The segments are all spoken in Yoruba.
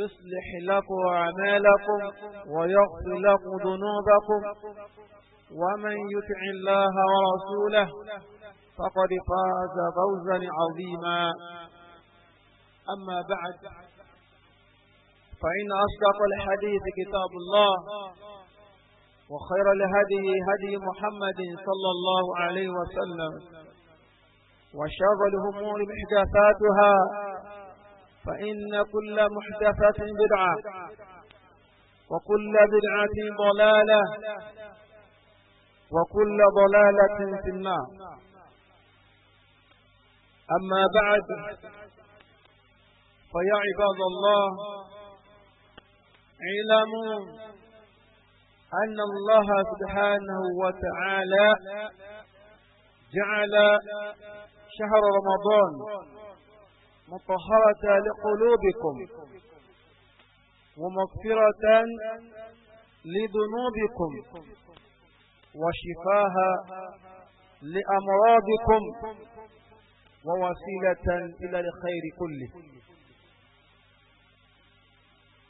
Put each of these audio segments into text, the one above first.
يصلح لكم أعمالكم ويغفر لكم ذنوبكم ومن يطع الله ورسوله فقد فاز فوزا عظيما أما بعد فإن أصدق الحديث كتاب الله وخير الهدي هدي محمد صلى الله عليه وسلم وشغل الأمور محدثاتها فإن كل محدثة بدعة وكل بدعة ضلالة وكل ضلالة في النار أما بعد فيا عباد الله اعلموا أن الله سبحانه وتعالى جعل شهر رمضان مطهرة لقلوبكم ومغفرة لذنوبكم وشفاها لأمراضكم ووسيلة إلى الخير كله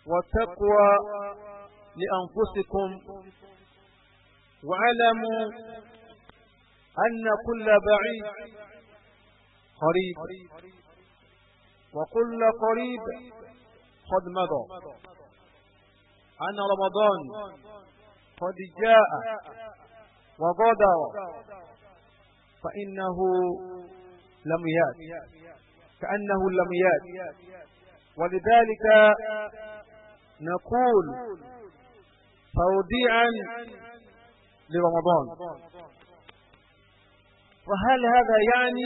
وتقوى لأنفسكم واعلموا أن كل بعيد قريب وكل قريب قد مضى أن رمضان قد جاء وغدر فإنه لم يات كأنه لم يات ولذلك نقول توديعا لرمضان وهل هذا يعني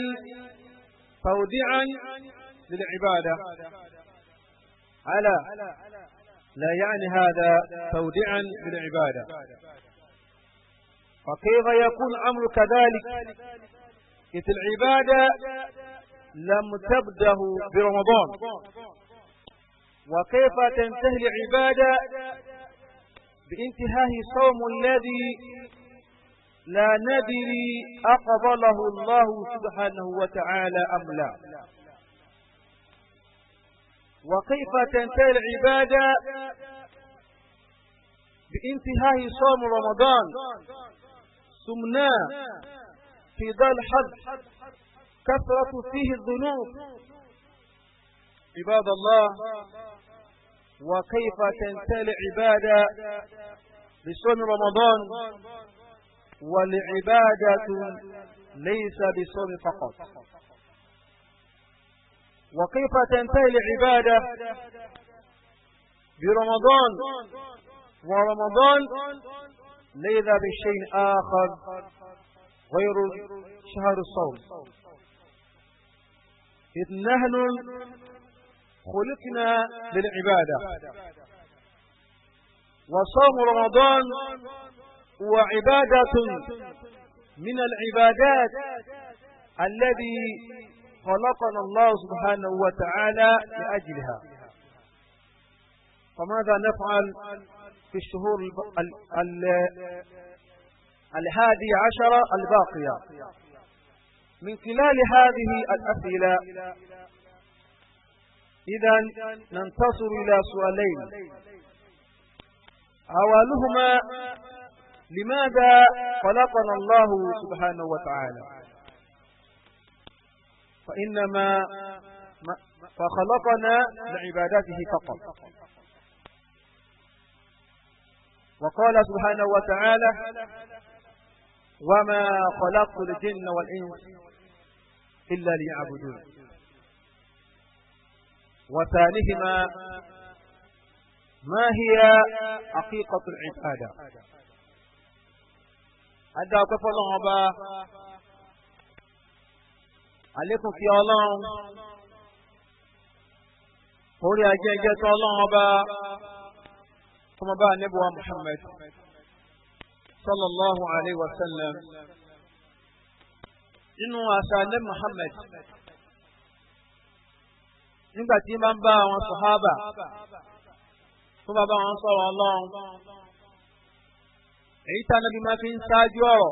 توديعا للعبادة على لا يعني هذا تودعا للعبادة فكيف يكون أمر كذلك إذ العبادة لم تبده برمضان وكيف تنتهي العبادة بانتهاء صوم الذي لا ندري أقبله الله سبحانه وتعالى أم لا وكيف تنتهي العبادة بانتهاء صوم رمضان سمنا في ذا الحد كثرة فيه الذنوب عباد الله وكيف تنتهي العبادة بصوم رمضان والعبادة ليس بصوم فقط وكيف تنتهي العبادة برمضان ورمضان ليس بشيء آخر غير شهر الصوم إذ نحن خلقنا للعبادة وصوم رمضان هو عبادة من العبادات الذي خلقنا الله سبحانه وتعالى لأجلها فماذا نفعل في الشهور الهادي عشرة الباقية من خلال هذه الأسئلة إذا ننتصر إلى سؤالين أولهما لماذا خلقنا الله سبحانه وتعالى فإنما فخلقنا لعبادته فقط وقال سبحانه وتعالى وما خلقت الجن والإنس إلا ليعبدون وثانيهما ما هي حقيقة العبادة أدى كفر الله àlékún fi ọlọ́run orí ajẹ́jẹ́ tó ọlọ́run ọba tó mọ bá níbùwá muhammed sallallahu alayhi wa sallam nínú àṣà ní muhammed nígbà tí máa ń bá àwọn sòhábà tó bá bá wọn sọ̀rọ̀ ọlọ́run èyí tá a nàbí máa fi ń ṣáájú ọ̀rọ̀.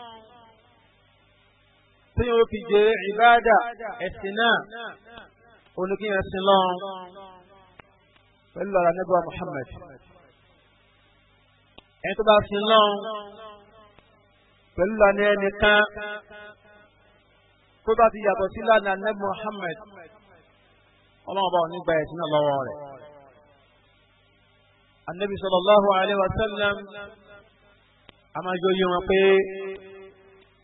tí yóò fi jèrè ìbáàdà ẹ̀sìn náà oníkíyàn sin lọ́run pẹ̀lú ọ̀rọ̀ nígbà Muhammad ẹni tó bá sin lọ́run pẹ̀lú ọ̀nà ẹnìkan tó bá ti yàtọ̀ sí lánàá nígbà Muhammad ọlọ́run bá wọn nígbà ẹ̀sìn náà lọ́wọ́ rẹ̀. Annabi sallallahu alaihi wa sallam a máa jọ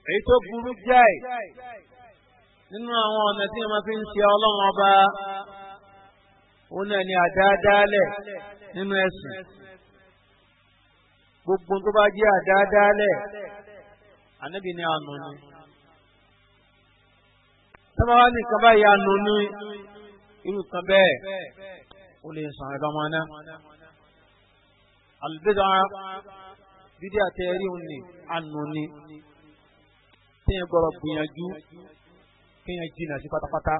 èyí tó burú jáì nínú àwọn ọ̀nà tí wọ́n fi ń ṣe ọlọ́run ọba òun náà ni àdáadáalẹ̀ nínú ẹ̀sìn gbogbo tó bá jẹ́ àdáadáalẹ̀ ànábì ni àánú ni sábà wá nìkan báyìí àánú ni irú kan bẹ́ẹ̀ ó lè sàn ẹ̀rọ ọmọ náà àlùbẹ́dà bídí àtẹ̀rí òun ni àánú ni téèyàn gbọ́dọ̀ gbìyànjú kéèyàn jìnnà sí pátápátá.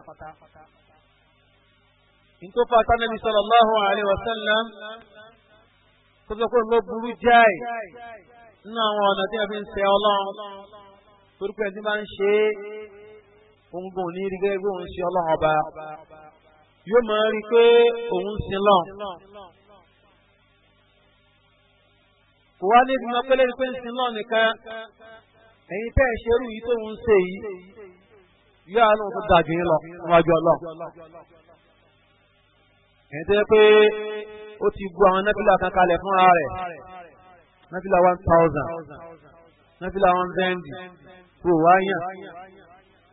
Ntofa sanabi sallallahu alayhi wa sallam tó sọ pé ló burú jáì nínú àwọn ọ̀nà tí wọ́n fi ń ṣe ọlọ́run torí pé ẹni máa ń ṣe é òǹgùn ní rí gẹ́gẹ́ òun ṣe ọlọ́run ọba yóò máa rí i pé òun sin lọ́n. Kò wá ní ìgbìmọ̀ pẹ́lẹ́ ní pé ń sin lọ́n nìkan ẹ̀yin tẹ́ ẹ̀ ṣerú yìí tó ń ṣe yìí yóò àánú tó dàbí lọ níwájú ọlọ́run ẹ̀yin tẹ́ pé ó ti bu àwọn náfìlà kan kalẹ̀ fúnra rẹ̀ náfìlà one thousand náfìlà one vendi kò wáyà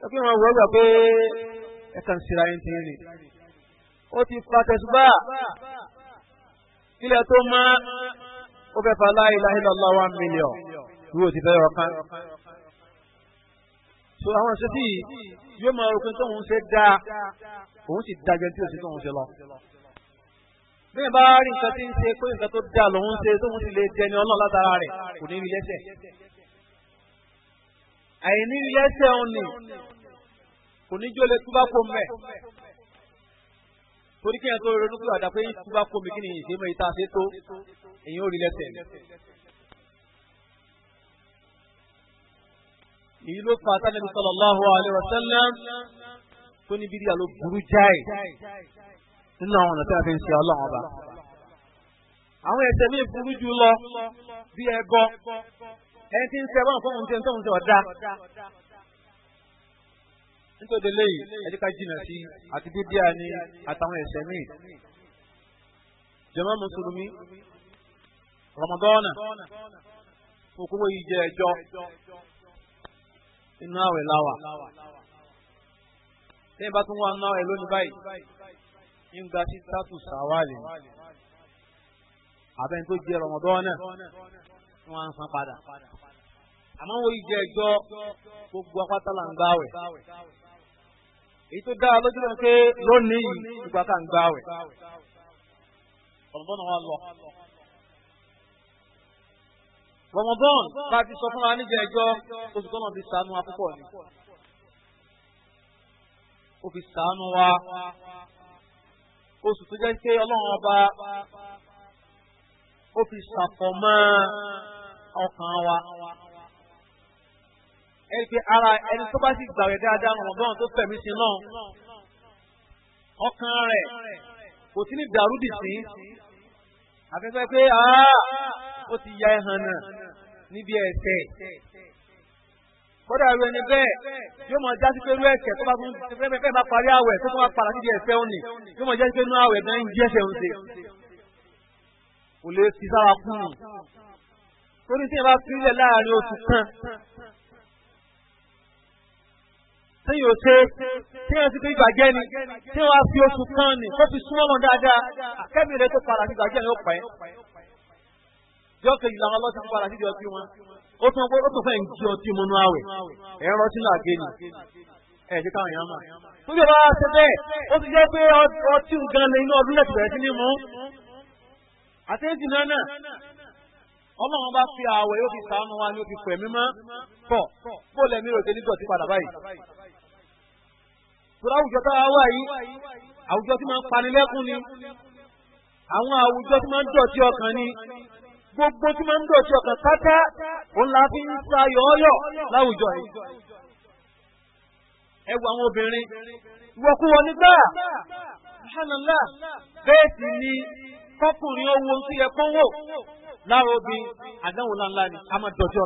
ẹ pé wọn wọ́n gbà pé ẹ kàn síra yín tìrín ni ó ti fa tẹ̀sùbá ilẹ̀ tó mọ́ ó fẹ́ fa láìláìlọ́lá one million yóò ti fẹ́ yọ kán so àwọn àṣẹ tí yóò máa rò pé tóun ṣe dá òun sì dájọ tí òṣèlú tóun ṣe lọ. bẹ́ẹ̀ bá rí nǹkan tí ń ṣe pé nǹkan tó dá lòun ṣe tóun sì lè dẹni ọlọ́ọ̀ látara rẹ̀ kò ní rí lẹ́sẹ̀. àìní rí lẹ́sẹ̀ òun ni kò ní jó lè túbá kó mẹ́ torí kí ẹ̀ tó ronú pé àdàpé túbá kó mi kí ni ìṣe mọ́ ìta ṣe tó èyí ó rí lẹ́sẹ̀ èyí ló fa sálẹ̀mí sallallahu alaihi wasallam tó ní bídíà ló burú jáì nínú àwọn ọ̀nà tí a fi ń ṣe ọlọ́run ọba. àwọn ẹ̀ṣẹ̀ mi burú jù lọ bí ẹbọ ẹni tí ń ṣe wọn fún òun tí ń nítorí eléyìí ẹni jìnnà sí àti bídíà ni àtàwọn ẹ̀ṣẹ̀ mi. jàmá mùsùlùmí Ramadana fòkúwò yìí jẹ ẹjọ́ inú àwẹ̀ láwà tẹ́yìn bá tún wà nínú àwẹ̀ lónìí báyìí ń ga sí sátù sàwálì àbẹ́ni tó jẹ rọmọdọ́nà wọn á san padà àmọ́ wọ́n jẹ ẹjọ́ gbogbo apáta là ń gbá wẹ̀ èyí tó dára lójú náà pé lónìí yìí gbogbo apáta ń gbá wẹ̀ ọ̀nà bọ́nà wa lọ. Ramadan bá ti sọ fúnra níjẹ ẹjọ́ oṣù tó náà fi sànú wa púpọ̀ ni. Ó fi sànú wa oṣù tó jẹ́ pé ọlọ́run ọba ó fi ṣàfọ̀mọ́ ọkàn wa. Ẹni pé ara ẹni tó bá sì gbàwẹ̀ dáadáa Ramadan tó fẹ̀mí sí náà ọkàn rẹ̀ kò sí ní dàrúdì sí afẹ́fẹ́ pé ó ti ya ẹ̀hàn náà níbi ẹ̀ṣẹ̀ kódà ẹrú ẹni bẹ́ẹ̀ yóò mọ̀ jásí pé irú ẹ̀ṣẹ̀ tó bá fún fẹ́ẹ́ bá parí àwẹ̀ tó tún wá padà níbi ẹ̀ṣẹ̀ òní yóò mọ̀ jásí pé inú àwẹ̀ gan ń jí ẹ̀ṣẹ̀ òun ṣe kò lè fi sára kún un torí tí yẹn bá fi ilẹ̀ láàrin oṣù kan tí yóò ṣe tí yẹn ti fi ìgbàjẹ́ ni tí yẹn wá fi oṣù kan ni tó fi súnmọ́ lọ dáadáa akẹ́bìnrin tó padà sí ìgbàjẹ́ ni ó pẹ́ yọ kejì làwọn ọlọ́sìn ń padà sídìí ọtí wọn ó tún ó tún jí ọtí mu nú àwẹ̀ ẹ̀rọ sínú àgẹ́ni ẹ̀ ṣe káwọn èèyàn mọ̀. fún bí ṣe bẹ́ẹ̀ ó ti jẹ́ pé ọtí nǹkan lè inú ọdún lẹ́sìn bẹ̀rẹ̀ ní mú. àtẹ́sí náà náà bá fi àwẹ̀ yóò fi sàánú wa ni ó fi pẹ̀ mímọ́ pọ̀ kó lẹ́mí rò padà báyìí. àwùjọ àwùjọ máa ń ni gbogbo tí máa ń dọ̀tí ụlọ pátá òun la fi ń sa yọ̀ọ́yọ̀ láwùjọ yìí. ẹ wo àwọn obìnrin nígbà bẹ́ẹ̀ sì ni kọkùnrin owó tó yẹ kó wò lára ńláńlá ni a máa dọ̀tí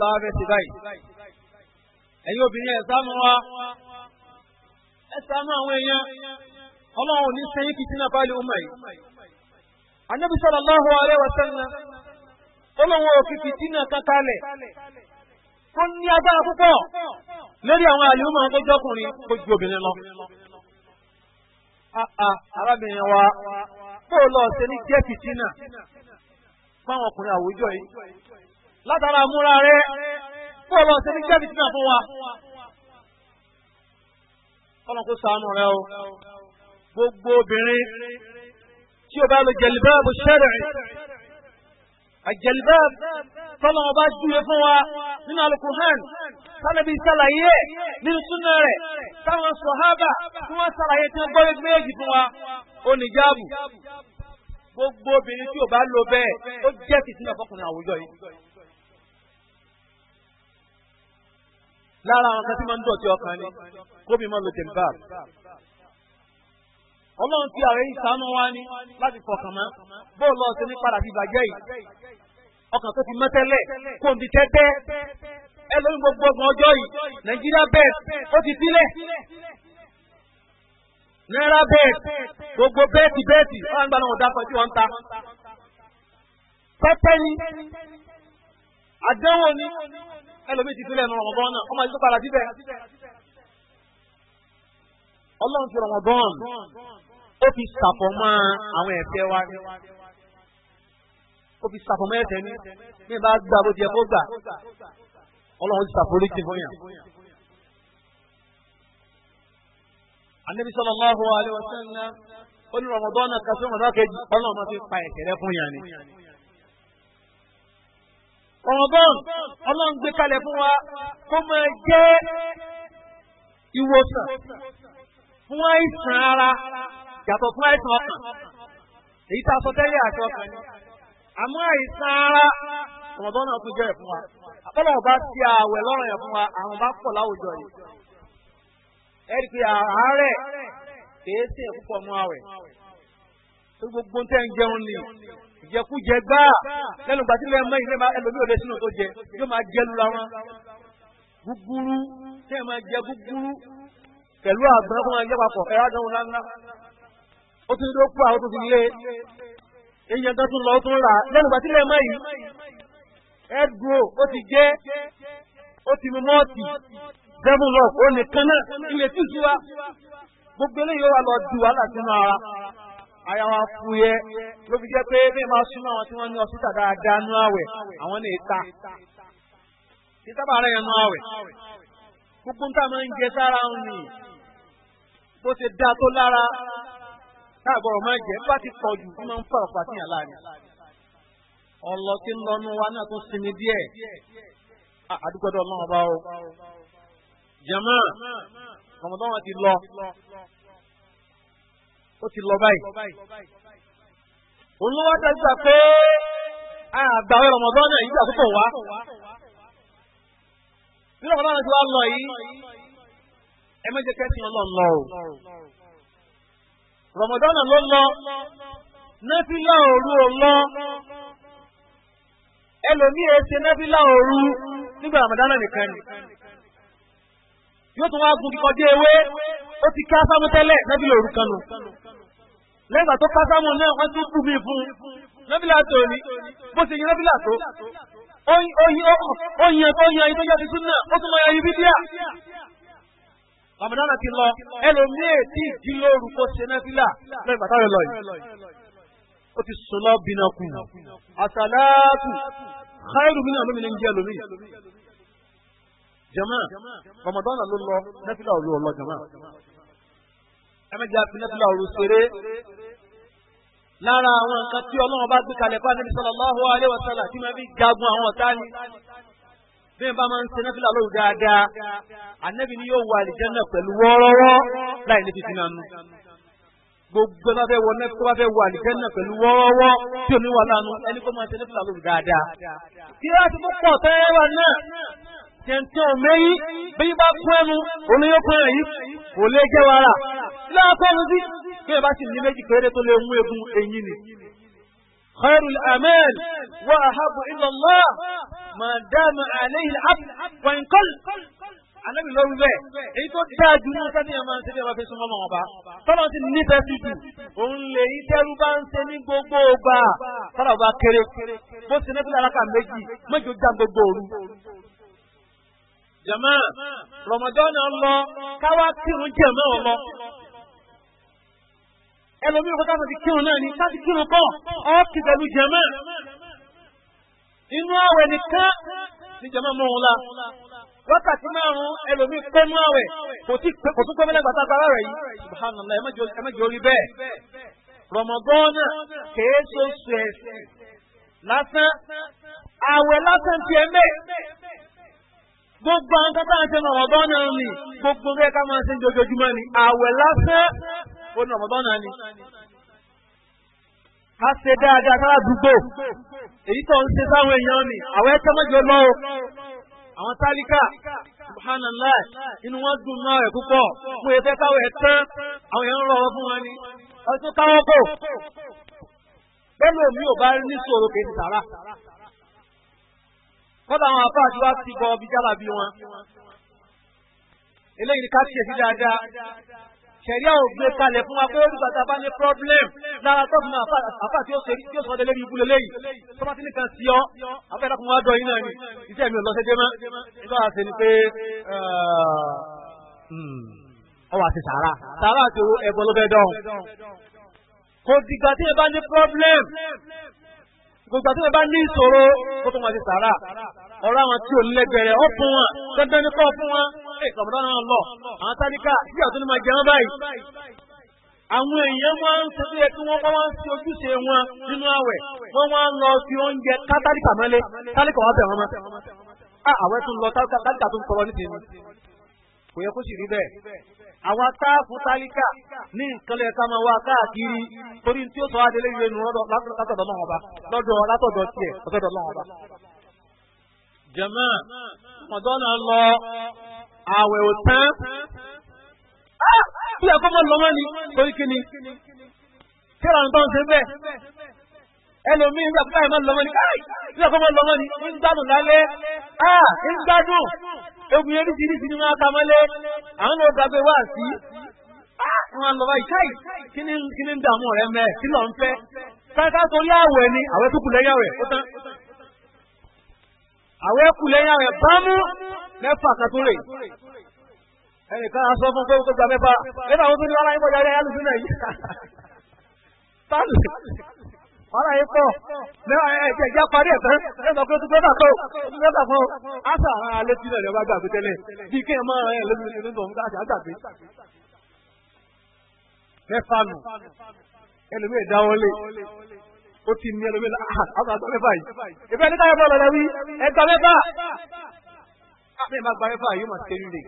làwọn fẹ́ báyìí. ẹ̀yin obìnrin ẹ̀ wa ẹ̀ àwọn èèyàn ọlọ́run anabi sallallahu alayhi wa sallam olówó òkìkì na kankalẹ̀ tó ní agbára púpọ̀ lórí àwọn àlùmọ̀ tó jọkùnrin tó ju obìnrin lọ. Ah, ah, arábìnrin wa lọ Ha Ha jẹ́ fìtínà fáwọn ọkùnrin àwùjọ yìí látara múra rẹ kó o lọ ṣe ní jẹ́ fìtínà wa. ọlọ́run gbogbo obìnrin. tí o bá lo jẹlibáàbù ṣẹ́rẹ̀ àjẹlibáàbù tọ́lọ́ ọba júwe fún wa nínú alukuhan tálẹ́bí sàlàyé nínú súnà rẹ̀ táwọn sọ̀hábà tí wọ́n sàlàyé tí wọ́n gbọ́dọ̀ méjì fún wa ó ní jáàbù gbogbo obìnrin tí o bá lo bẹ́ẹ̀ ó jẹ́ fìtínà fọkùnrin àwùjọ yìí. lára àwọn kan tí wọ́n ń dọ̀tí ọkàn ni kóbi mọ́ lo jẹlibáàbù ọlọ́run ti ààrẹ yìí sànú wa ni láti fọkàn mọ́ bóò lọ sí ní padà sí ìbàjẹ́ yìí ọkàn tó ti mọ́ tẹ́lẹ̀ kò ní tẹ́tẹ́ ẹ lórí gbogbo ọgbọ̀n ọjọ́ yìí nàìjíríà bẹ́ẹ̀ ó ti sílẹ̀ náírà bẹ́ẹ̀ gbogbo bẹ́ẹ̀tì bẹ́ẹ̀tì ọ̀hún gbaná ọ̀dà kan tí wọ́n ń ta pẹ́pẹ́ ni àdánwò ni ẹlòmíì ti sílẹ̀ nù ọ̀gbọ́n náà ọmọ ìdókòwò àdìbẹ̀ ọlọ́run ti ó fi ṣàfọ̀mọ́ àwọn ẹ̀fẹ́ wa ó fi ṣàfọ̀mọ́ ẹ̀fẹ́ ní bí bá gbà bó ti yẹ kó gbà ọlọ́run ti ṣàforíjì fún yàn. Ànábì sallallahu alaihi wasallam ó ní Ramadan kan sí Ramadan kejì ọlọ́run máa fi pa ẹ̀kẹ́rẹ́ fún yàn ni. Ramadan ọlọ́run gbé kalẹ̀ fún wa kó máa jẹ́ ìwòsàn fún àìsàn ara yàtọ̀ fún àìsàn ọkàn èyí tá a sọ tẹ́lẹ̀ àti ọkàn ni àmọ́ àìsàn ara ọ̀mọ̀bọ́n náà tún jẹ́ ẹ̀ fún wa àbọ̀lọ̀ ọba ti àwẹ̀ lọ́rùn ẹ̀ fún wa àwọn bá pọ̀ láwùjọ yìí ẹ̀rí pé àárẹ̀ kìí sí ẹ̀ púpọ̀ mọ́ àwẹ̀ gbogbo tẹ́ ń jẹun ni ìjẹkújẹ gbáà lẹ́nu gbàtí lẹ́yìn mọ́ ìlẹ́mà ẹlòmíì òde sínú tó jẹ yóò máa jẹ lura wọn gúgúrú tẹ́ ẹ máa jẹ gúgúrú pẹ̀lú àgbọn kó máa jẹ papọ̀ ẹ̀rọ àdánwò ńláńlá ó tún ló kú àwọn tó fi lé èèyàn tó tún lọ ó rà lẹ́nu ìgbà sílẹ̀ mọ́ yìí ẹ̀dùn ó ti jẹ́ ó ti mú mọ́ọ̀tì seven love ó nìkan náà ilé tí ìṣú wa gbogbo eléyìí ó wà lọ ju wàhálà sínú ara àyà wa fún yẹ ló fi jẹ́ pé bí máa súnmọ́ àwọn tí wọ́n ní ọsítà dáadáa nú àwẹ̀ àwọn lè ta kí sábà rẹ̀ yẹn nú àwẹ̀ gbogbo ń tà máa ń jẹ sára òun nìyí bó ṣe dáa tó lára káàbọ̀rọ̀ máa jẹ́ bá ti pọ̀ jù fún máa ń fọ̀rọ̀ pàtíyàn láàrin. ọ̀lọ́ tí ń lọ́nu wa náà tún sinmi díẹ̀ àdúgbòdò ọlọ́run bá o. jama ọmọdéwọn ti lọ ó ti lọ báyìí. òun ló wá dájúgbà pé àgbà ọmọdéwọn náà yíjà tó kò wá. bí ọmọdéwọn ti wá lọ yìí ẹ méje kẹ́sìn ọlọ́run lọ o. Ramadan ló lọ náfìlà òru ò lọ ẹlòmíì ẹsẹ náfìlà òru nígbà rọmọdánà nìkan ni yóò tún wá gun kíkọjá ewé ó ti ká sámú tẹ́lẹ̀ náfìlà òru kan nù lẹ́gbàá tó ká sámú náà wọ́n tún bù mí fún náfìlà tó ní bó ṣe yẹ náfìlà tó ó yan tó yan yìí tó yẹ ti tún ó tún mọ ẹyẹ bíbíà ramadana ti lọ ẹlòmíì tí ìdí lóru kó ṣe nẹ́fílà lọ ìgbà táwọn lọ yìí ó ti sùn lọ bínú kù àtàlàtù káyọ̀dù bínú àlómi ní ń jẹ́ lómi jama ramadana ló lọ nẹ́fílà òru ọlọ jama ẹmẹjẹ àti nẹ́fílà òru ṣeré lára àwọn nǹkan tí ọlọ́run bá gbé kalẹ̀ fún àdébísọ̀lá lọ́wọ́ alẹ́ wọ̀sálà tí wọ́n fi jagun àwọn ọ̀tá ni bẹ́ẹ̀ bá máa ń ṣe náfìlà lóru dáadáa ànábì ni yóò wọ àlìjẹ́nà pẹ̀lú wọ́ọ́rọ́wọ́ láì níbi sínú àánú gbogbo bá fẹ́ wọ náà tó bá fẹ́ wọ àlìjẹ́nà pẹ̀lú wọ́ọ́rọ́wọ́ tí omi wà lánàá ẹni kó máa ṣe náfìlà lóru dáadáa. kí wọ́n ti fún pọ̀ tẹ́lẹ̀ wà náà tẹ̀ǹtẹ̀ òmẹ́yí bí bá kún ẹnu olóyókùn yìí kò lè jẹ́ wàrà láàkọ́ خير الأمان وأحب إلى الله ما دام عليه العبد وإن قل anabi lọ wíwẹ èyí tó dáa jù ní sani ẹ máa ń ṣẹlẹ̀ ọfẹ súnmọ́ náà ọba tọ́lá ti nífẹ̀ẹ́ sí jù òun lè yí tẹ́rú bá ń ṣe ní gbogbo ọgbà tọ́lá ọba kéré bó ṣe ní fúlẹ̀ alaka méjì méjì ó já gbogbo òru. jama rọmọdọ́nà lọ káwá kírun jẹ̀mọ́ ọlọ ẹlòmíì kó táwọn ti kírun náà ni táti kírun kọ́ ọ́ọ̀kì pẹ̀lú jẹ̀mọ́ inú àwẹ̀ nìkan ní jẹ̀mọ́ mọ́ òun la wákàtí márùn-ún ẹlòmíì pé mú àwẹ̀ kò tún pé mẹ́lẹ́gbà tá a gbára rẹ̀ yìí subhanallah ẹ mẹ́jọ orí bẹ́ẹ̀ rọmọgọ́nà kèé so sẹ̀sì lásán àwẹ̀ lásán tiẹ̀ mẹ́ gbogbo àwọn tó bá ń ṣe rọmọgọ́nà ni gbogbo bẹ́ẹ̀ ká máa ṣe ń ni àwẹ̀ lásán ó ní ọmọdé náà ni. ká ṣe dáadáa sára àdúgbò èyí tó ń ṣe sáwọn èèyàn mi àwọn ẹ̀ka mọ́jọ lọ o àwọn tálíkà subhanallah inú wọn dùn náà rẹ púpọ̀ mo yẹ fẹ́ káwọ́ ẹ̀ tán àwọn èèyàn ń rọrọ fún wọn ni ọtún káwọ́ kò bẹ́ẹ̀ mi ò bá ní sòrò kì í ti sàrà kọ́dà àwọn afá àti wá ti bọ ọbí jálàbí wọn eléyìí ká ṣe sí dáadáa ṣẹ̀ríà ò gbé kalẹ̀ fún wa pé olùgbà tá a bá ní problem lára tó fún àfà tí ó ṣe tí ó sọ délé ní ibúlé léyìí tó bá ti nìkan sí ọ afẹ́lá fún wa dọ̀ yín náà ni iṣẹ́ mi ò lọ ṣẹ́jẹ́ mọ́ nígbà wá sí ni pé eh, hmm, ọwọ́ àti sàárà sàárà àti owó ẹ̀bọ ló fẹ́ dọ̀hún. kò dìgbà tí ẹ bá ní problem kò dìgbà tí ẹ bá ní ìṣòro kó tó máa ṣe sàárà ọ̀rọ̀ àwọn tí ò lẹ́gbẹ̀rẹ̀ ọ́ fún wọn dandan ní kọ́ fún wọn ẹ̀ kọ̀mọ̀dọ́ náà lọ àwọn tálíkà bí ọ̀tún ní máa jẹun báyìí. àwọn èèyàn máa ń sọ pé kí wọ́n bá wọn ṣe ojúṣe wọn nínú àwẹ̀ wọ́n wá ń lọ fi oúnjẹ ká tálíkà mọ́lé tálíkà wá bẹ̀ wọ́n mọ́. Ah, àwẹ̀ tún lọ tálíkà tún sọ̀rọ̀ ní tèmi kò yẹ kó sì rí bẹ́ẹ̀ àwọn táàfù tálíkà ní ìkànlẹ̀ ká máa wá káàkiri torí tí ó sọ adélé yìí jẹ̀mọ́ ọ̀dọ́nà lọ àwẹ̀ ò tán ah, kí ẹ kọ́kọ́ lọ́mọ ni torí kí ni kí ẹ̀rọ àtọ́ ń ṣe bẹ́ẹ̀ ẹlòmíì ń gbàgbọ́ àìmọ́ lọ́mọ ni káì ah, kí ẹ kọ́kọ́ lọ́mọ ni ń gbádùn lálẹ́ à ah, ń gbádùn egun yẹn bíi ti ní máa ta mọ́lẹ́ àwọn ló dàgbé wá sí wọn lọ báyìí káì kí ni ń dààmú rẹ mẹ́ kí lọ́n fẹ́ káàkiri àwẹ̀ ni àwẹ̀ tó kù lẹ́yàwẹ̀ ó tán àwọn ẹkù lẹ́yìn àwọn ẹ̀bá mú mẹ́fà kan tó rè ẹnìkan aṣọ fún pé gbogbo mẹ́fà mẹ́fà wọn tó ní wàhálà yín pọ̀ jáde ayálùsùn náà yìí tálù wàhálà yín pọ̀ mẹ́fà ẹ̀jẹ̀ ìjà parí ẹ̀tán mẹ́fà pé tuntun mẹ́fà tó tuntun mẹ́fà fún aṣà àwọn alẹ́ tí náà lọ́ba gbàgbé tẹ́lẹ̀ bí kéèyàn máa rẹ̀ lómi inú tó ń gbà àgbàgbé mẹ́fà nù ẹlòmíì dáwọ́lé ó ti ní ẹlòmí náà àwọn àgbà mẹ́fà yìí ìfẹ́ ní káyọ̀ bọ́ọ̀lù rẹ̀ wí ẹgbà mẹ́fà àmì ìmá gba mẹ́fà ah, yóò máa tẹ́lú rè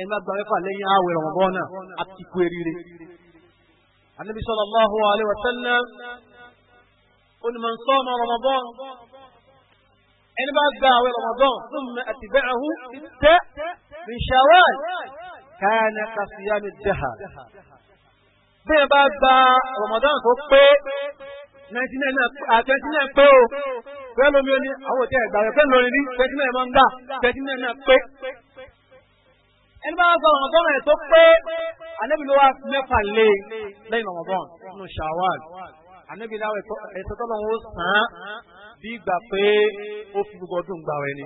ẹ̀ má gba mẹ́fà lẹ́yìn àwẹ̀ ọ̀mọ̀bọ́n náà àti ikú eriri. Ànábì sallallahu alaihi wa sallam ó ní man sama Ramadan ẹni bá gba àwẹ̀ Ramadan thumma atba'ahu sitta min Shawwal bí ẹ bá gba Ramadan tó pé twenty nine pé o pẹ́ lómi ó ní àwọn òtí ẹ̀gbà rẹ̀ pẹ́ lórí ní twenty nine máa ń gbà twenty nine náà pé. ẹni bá gba Ramadan rẹ̀ tó pé Ànábì ló wá mẹ́fà lé lẹ́yìn Ramadan nínú Shawwal Ànábì láwọn ẹ̀sọ́ tó lọ́wọ́ sàn bí ìgbà pé ó fi gbogbo ọdún gbà wẹ̀ ni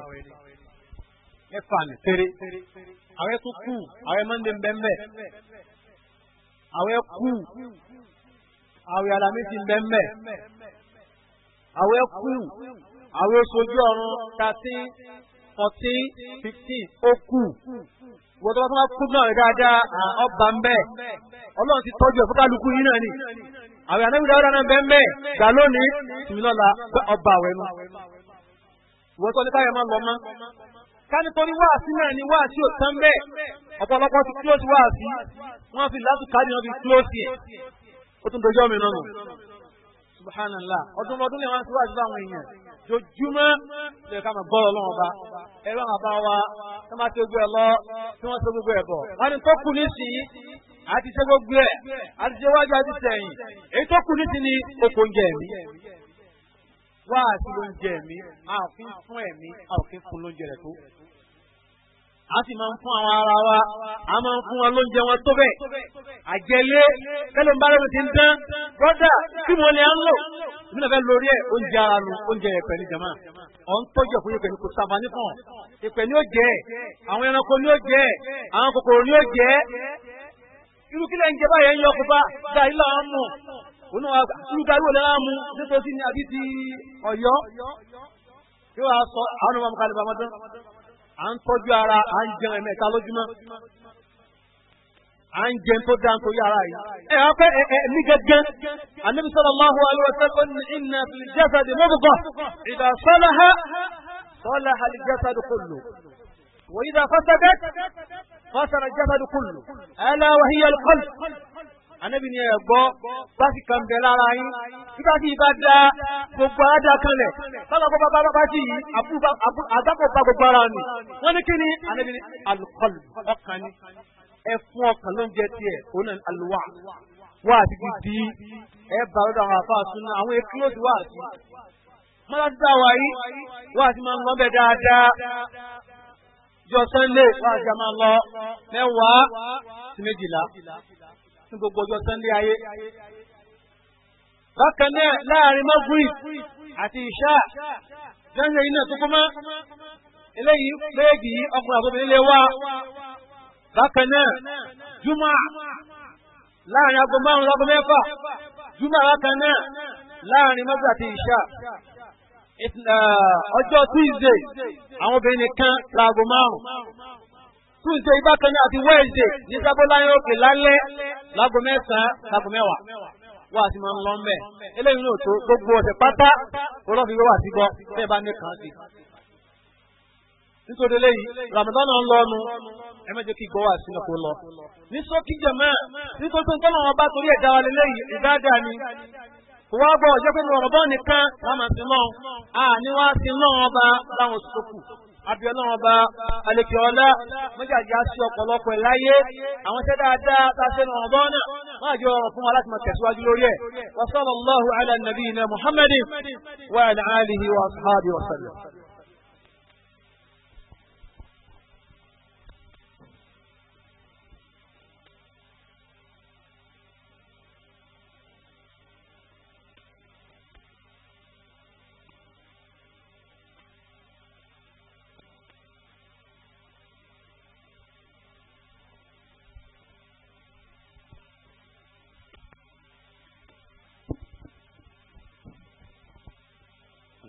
mẹ́fà ní péré àwọn ẹ̀kú kù àwọn ẹ̀mọ́ndé àwẹ̀ kù àwẹ̀ alamisi mbẹ́mbẹ́ àwẹ̀ kù àwẹ̀ sojú ọ̀run thirteen fourteen fifteen ó kù wọ́n tó bá tó bá kú náà rẹ̀ dáadáa ọba mbẹ́ ọlọ́run ti tọ́jú ẹ̀ fún kálukú yín náà ni àwẹ̀ anábì dáadáa náà mbẹ́mbẹ́ gbà lónìí tìmílọ́la ọba àwẹ̀ nu wọ́n tó ní káyọ̀ máa lọ mọ́ ká nítorí wáàsí náà ni wáàsí ò tán bẹ́ẹ̀ ọ̀pọ̀lọpọ̀ ti close wá sí wọ́n fi látùkárì wọn fi close yẹn ó tún dojọ́ mi nánu subhanallah ọdún ọdún lè wọn síwájú báwọn èèyàn jojúmọ́ lè ká máa bọ́ọ̀lù ọlọ́run ọba ẹ̀rọ àbá wa tí wọ́n ti gbogbo ẹ̀ lọ tí wọ́n ti gbogbo ẹ̀ bọ̀ wọ́n ní tó kù nísìnyí àti ṣe gbogbo ẹ̀ àti ṣe wájú àti sẹ́yìn èyí tó kù nísìnyí oko oúnjẹ mi wá àti lóúnjẹ mi àfin fún ẹ̀mí àfin fún lóúnjẹ rẹ̀ tó a sì máa ń fún àwọn ara wa a máa ń fún wọn lóúnjẹ wọn tó bẹ́ẹ̀ àjẹlé kẹlẹ́ ń bá lẹ́nu ti ń tán brọ́dà kí mo lè ń lò èmi náà fẹ́ lórí ẹ̀ oúnjẹ ara lu oúnjẹ ẹ̀pẹ̀ ní jama ọ̀ ń tọ́jú ẹ̀kọ́ ìpẹ̀ ní kò sábà ní fún ìpẹ̀ ní ó jẹ́ àwọn ẹranko ní ó jẹ́ àwọn kòkòrò ní ó jẹ́ irú kílẹ̀ ń jẹ báyẹn yọ kó bá dá ilé àwọn mú òun náà irú garí òun lára mú nítorí ní àbí ti ọ̀yọ́ yóò wá sọ àwọn ọmọ à ń tọ́jú ara à ń jẹun ẹ̀mẹ́ta lójúmọ́ à ń jẹun tó dáa nítorí ara yìí. ẹ wá fẹ́ ẹ ẹ ní gẹ́gẹ́ anabi sallallahu alaihi wa sallam ní inna fil jasadi mudghah idha salaha salaha al jasadu kullu wa idha fasadat fasada al jasadu kullu ala wa hiya al qalb. ànábì ni ẹ gbọ́ bá sì kàn bẹ lára yín nígbà tí ibà dá gbogbo ara dá kanlẹ̀ bábàbọ̀ bàbá bàbá sí yìí àdàpọ̀ bá gbogbo ara nì wọ́n ní kí ni ànábì ni alukọlù ọkàn ni ẹ fún ọkàn ló ń jẹ tiẹ̀ òun náà aluwa wá àti dídí ẹ bá lọ́dọ̀ àwọn àfa àtúnú àwọn ekúlóòtù wá àti mọ́ládúdà wà yìí wá àti máa ń lọ bẹ dáadáa jọ sunday wá àti àmà lọ mẹ́wàá sí méjìlá ní gbogbo ọjọ́ sànńdé ayé. bákan náà láàrin mọ́gùrì àti ìṣá jẹ́ńjẹ́ iná tó kọ́mọ́ eléyìí péègì yìí ọkùnrin àbóbìnrin lè wá. bákan náà júmọ́ láàrin aago márùn-ún lọ́gọ́ mẹ́fà júmọ́ bákan náà láàrin mọ́gùrì àti ìṣá ọjọ́ tuesday àwọn obìnrin nìkan láago márùn-ún. túnṣe ìbákan náà àti wẹ́ẹ̀dẹ̀ ní sábọ́láyé òkè lálẹ́ láago mẹ́sàn-án láago mẹ́wàá sí máa ń lọ mẹ́ eléyìí náà tó gbogbo ọ̀sẹ̀ pátá olófin wíwà sí gbọ́ bẹ́ẹ̀ bá ní kàn sí. nítorí eléyìí Ramadan náà ń lọ ọnu ẹ mẹ́jọ kí gbọ́ wà sí lọ. ní sọ́kí jẹ̀mọ́ nítorí pé nǹkan torí ẹ̀dá ni kò wá gbọ́ pé nìkan láwọn àti náà ọba láwọn abiola ọba alekiola mọjàjà sí ọ̀pọ̀lọpọ̀ ìláyé àwọn iṣẹ́ dáadáa tá a ṣe lọ ọbọ náà máa jẹ ọ̀rọ̀ fún wa láti máa tẹ̀síwájú lórí ẹ̀ wa sallallahu ala nabiyina muhammadin wa ala alihi wa ashabi wa sallam.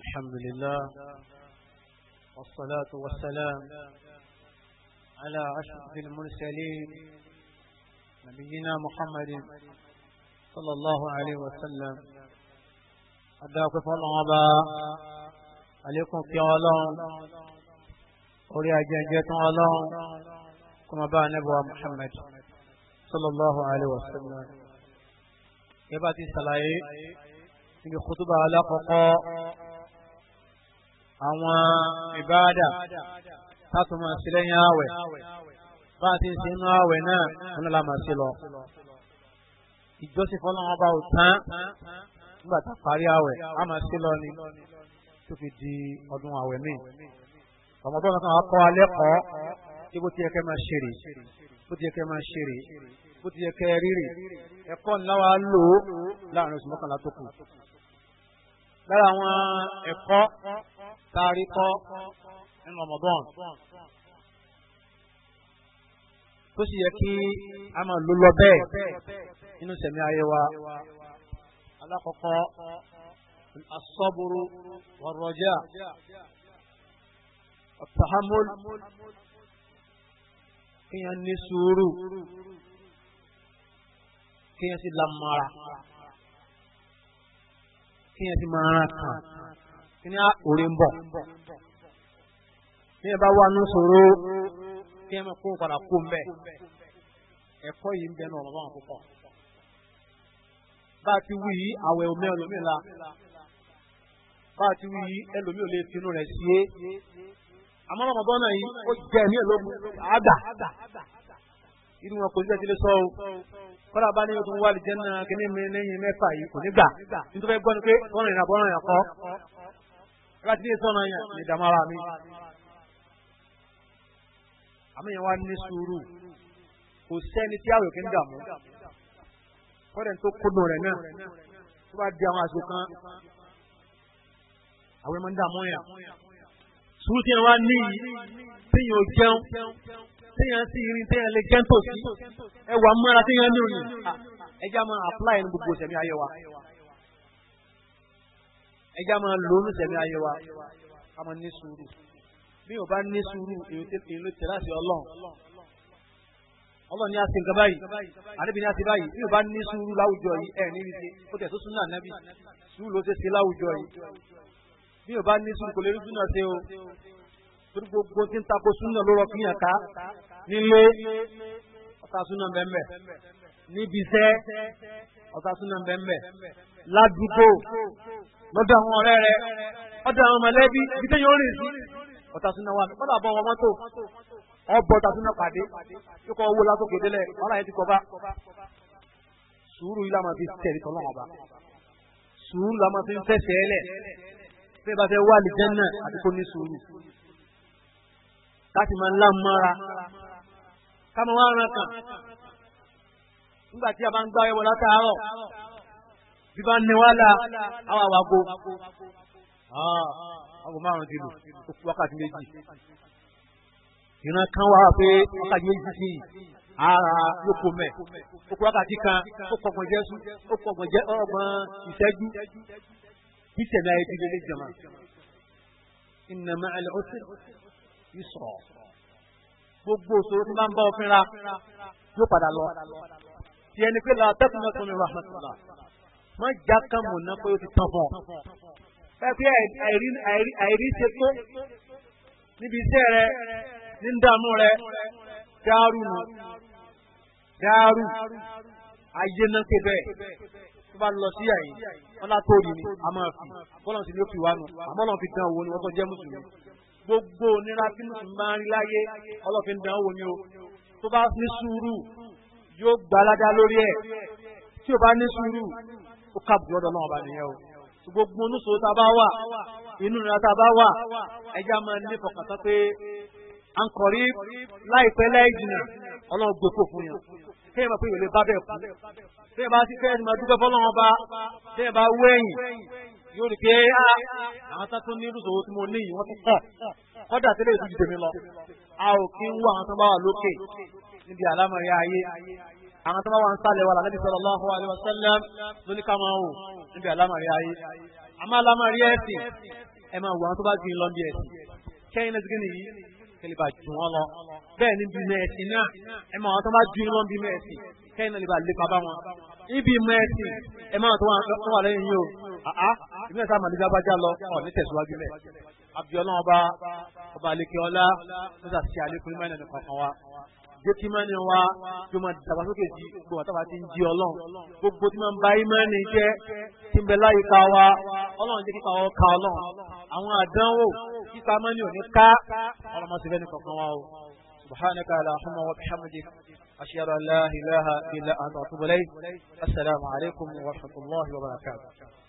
الحمد لله والصلاة والسلام على أشرف المرسلين نبينا محمد صلى الله عليه وسلم أداك فالعبا عليكم في علام أولي أجنجة علام كما بقى نبوى محمد صلى الله عليه وسلم يبقى تسلعي من خطبة على فقاء àwọn ìbáradà tátùmọ̀ sílẹ̀ yẹn àwẹ̀ bá a ti ń sinú àwẹ̀ náà wọn là máa ṣe lọ. ìjọsìn fọlọ́wọ́n bá ò tán nígbà tá a parí àwẹ̀ a máa ṣe lọ ni tó fi di ọdún àwẹ̀ míì. ọmọdé wọn kan wá kọ́ alẹ́ kọ́ tí bó ti yẹ kẹ́ máa ṣe rè bó ti yẹ kẹ́ máa ṣe rè bó ti yẹ kẹ́ rírì ẹ̀kọ́ ńlá wa lò ó láàrin oṣù mọ́kànlá tó kù. lára àwọn ẹ̀kọ́ sáré kọ́ nínú Ramadan tó sì yẹ kí a máa lò lọ bẹ́ẹ̀ nínú sẹ̀mí ayé wa alákọ̀ọ́kọ́ asọ́buru wàrọ̀jà ọ̀tàhámúl kíyàn ní sùúrù kíyàn sì lámàrà kíyàn sì máa ràn kàn ní òre ń bọ̀ bí ẹ bá wà ní sòro kí ẹ máa kó padà kó ń bẹ ẹ̀kọ́ yìí ń bẹ náà lọ́wọ́ àkókò bá a ti wí yìí àwẹ̀ omi ẹlòmíì la bá a ti wí yìí ẹlòmíì ò lè finú rẹ̀ sí àmọ́ ọmọ bọ́nà yìí ó jẹ́ ẹ̀mí ẹ̀ àdà irú wọn kò sí ẹtí lè sọ o kọ́lá bá ní oṣù wà lè jẹ́ náà kíní mi lẹ́yìn mẹ́fà yìí kò ní gbà nítorí gbọ́ ni pé wọ́n rìnrìn àbọ̀ràn yàn kọ́ ẹ̀ka tí ní sọ̀nà yẹn ní dàmára mi. àmì yẹn wá ní sùúrù kò o tí àwẹ̀ kì í dààmú kọ́dẹ̀ tó kúndùn rẹ̀ náà tó bá di àwọn àṣọ kan àwẹ̀ máa ń dààmú yẹn. sùúrù tí yẹn wá ní yìí téèyàn ò jẹun téèyàn sì rí téèyàn lè jẹun tòsí ẹwà mọ́ra téèyàn ní òní ẹjẹ́ máa apply ní gbogbo ìṣẹ̀mí ayé wa ẹja máa lò ó sẹ̀mí ayé wa ká máa ní sùúrù bí o bá ní sùúrù èyí ló tẹ̀ láti ọlọ́run ọlọ́run ní a ti nǹkan báyìí àdébí ní a ti báyìí bí o bá ní sùúrù láwùjọ yìí ẹ̀ ní ibi ó tẹ̀ tó sún náà nábì sùúrù ló ti ṣe láwùjọ yìí bí o bá ní sùúrù kò lè rí sùn náà ṣe o torí gbogbo tí ń tako sùn náà ló rọ fìyàn ká nílé ọ̀tá sùn náà bẹ́ẹ̀ ọ̀sásúná mbẹ́mbẹ́ ládùúgbò lọ́dọ̀ àwọn ọ̀rẹ́ rẹ ọ̀dọ̀ àwọn mọ̀lẹ́bí ibi tẹ́yìn ó rìn sí ọ̀sásúná wà mí kọ́dà bọ̀ wọn mọ́tò ọ̀bọ̀ ọ̀sásúná pàdé kíkọ́ owó lásòkè délẹ̀ ọ̀rọ̀ yẹn ti kọ́ bá sùúrù yìí la máa fi tẹ̀lé tọ́lá ọba sùúrù la máa fi fẹsẹ̀ ẹlẹ̀ fẹ́ bá fẹ́ wà lè jẹ́ náà àti kó ní sùúrù láti máa ń lá mọ́ra ká máa wá ran kàn nígbà tí a bá ń gbá ẹwọ látàárọ̀ bí bá ń ní wàhálà àwọn àwàgò ah, àwọn márùn ti lò ó kú wákàtí méjì ìran kan wà pé wákàtí méjì sí ara ló kó mẹ ó kú wákàtí kan ó kọgbọn jẹsú ó kọgbọn jẹ ọgbọ̀n ìṣẹ́jú bí tẹ̀lé ayé ti lélẹ̀ jẹ̀mọ́ inna ma'al usri yusra gbogbo òṣòro tí bá ń bá òfin ra yóò padà lọ ti ẹni pé la tẹ́kùnmọ́ tó mi rahmatulah má já kan mò ná pé ó ti tán fún ọ. ẹ pé àìrí ṣe tó níbi iṣẹ́ rẹ ní dààmú rẹ dáàrú nù dáàrú ayé náà pé bẹ́ẹ̀ tó bá lọ sí àyè wọn látó rí ni a máa fi bọ́lá ti ní ó fi wá nù àmọ́ náà fi dán owó ni wọ́n tó jẹ́ mùsùlùmí gbogbo onírà tí mùsùlùmí máa ń rí láyé ọlọ́fin dán owó ni o tó bá ní sùúrù yóò gbalada lórí ẹ̀ tí o bá ní sùúrù ó kàbùkù ọ̀dọ̀ náà ọba nìyẹn o gbogbo onúṣò tá a bá wà inú ìlera tá a bá wà ẹja máa ní fọkàntán pé à ń kọrí láìpẹ́ láì jìnnà ọlọ́run gbé kó fún yàn kéèyàn máa pé ìwé lè bá bẹ́ẹ̀ kú kéèyàn bá sí kéèyàn máa dúpẹ́ fọlọ́run bá kéèyàn bá wú ẹ̀yìn yóò rí pé ah, àwọn tó ní irúṣòwò tí mo ní yìí wọ́n tún kọ̀ kọ́dà tẹ́lẹ̀ ìdíje mi lọ a ò kí ń wá àwọn tó bá wà lókè níbi àlámọ̀rí ayé àwọn tó bá wà ń sálẹ̀ wà lánàbí sallallahu alaihi wasallam ló ní ká máa wò níbi àlámọ̀rí ayé àmọ́ àlámọ̀rí ẹ̀sìn ẹ máa wò àwọn tó bá gbin lọ́ndì ẹ̀sìn kẹ́yìn lẹ́sìn nìyí kẹ́lẹ́ bá jù wọ́n lọ bẹ́ẹ̀ níbi mẹ́ẹ̀sìn náà ẹ máa wọ́n tó bá gbin lọ́ndì mẹ́ẹ̀sìn kẹ́yìn lè ba lè pa bá wọn ibi mẹ́ẹ̀sìn ẹ máa tó wà lẹ́yìn yìí o àá ìbí mẹ́ta màdí lábájá lọ ọ̀ ní tẹ̀síwájú mẹ́ abiola ọba ọba aleke ọlá nígbà tí alekun mẹ́rin nìkan kan wa jẹ́ kí mọ́ni wa kí wọ́n dàgbàsókè sí gbogbo àtàwà tí ń jí ọlọ́run gbogbo tí wọ́n bá ìmọ̀ni jẹ́ tí ń bẹ láyìíká wa ọlọ́run jẹ́ kíkà ọ ká ọlọ́run àwọn àdánwò kíkà mọ́ni ò ní ká ọlọ́mọsílẹ̀ ní kankan wa o سبحانك اللهم وبحمدك أشهد أن لا إله إلا أنت أتوب إليك السلام عليكم ورحمة الله وبركاته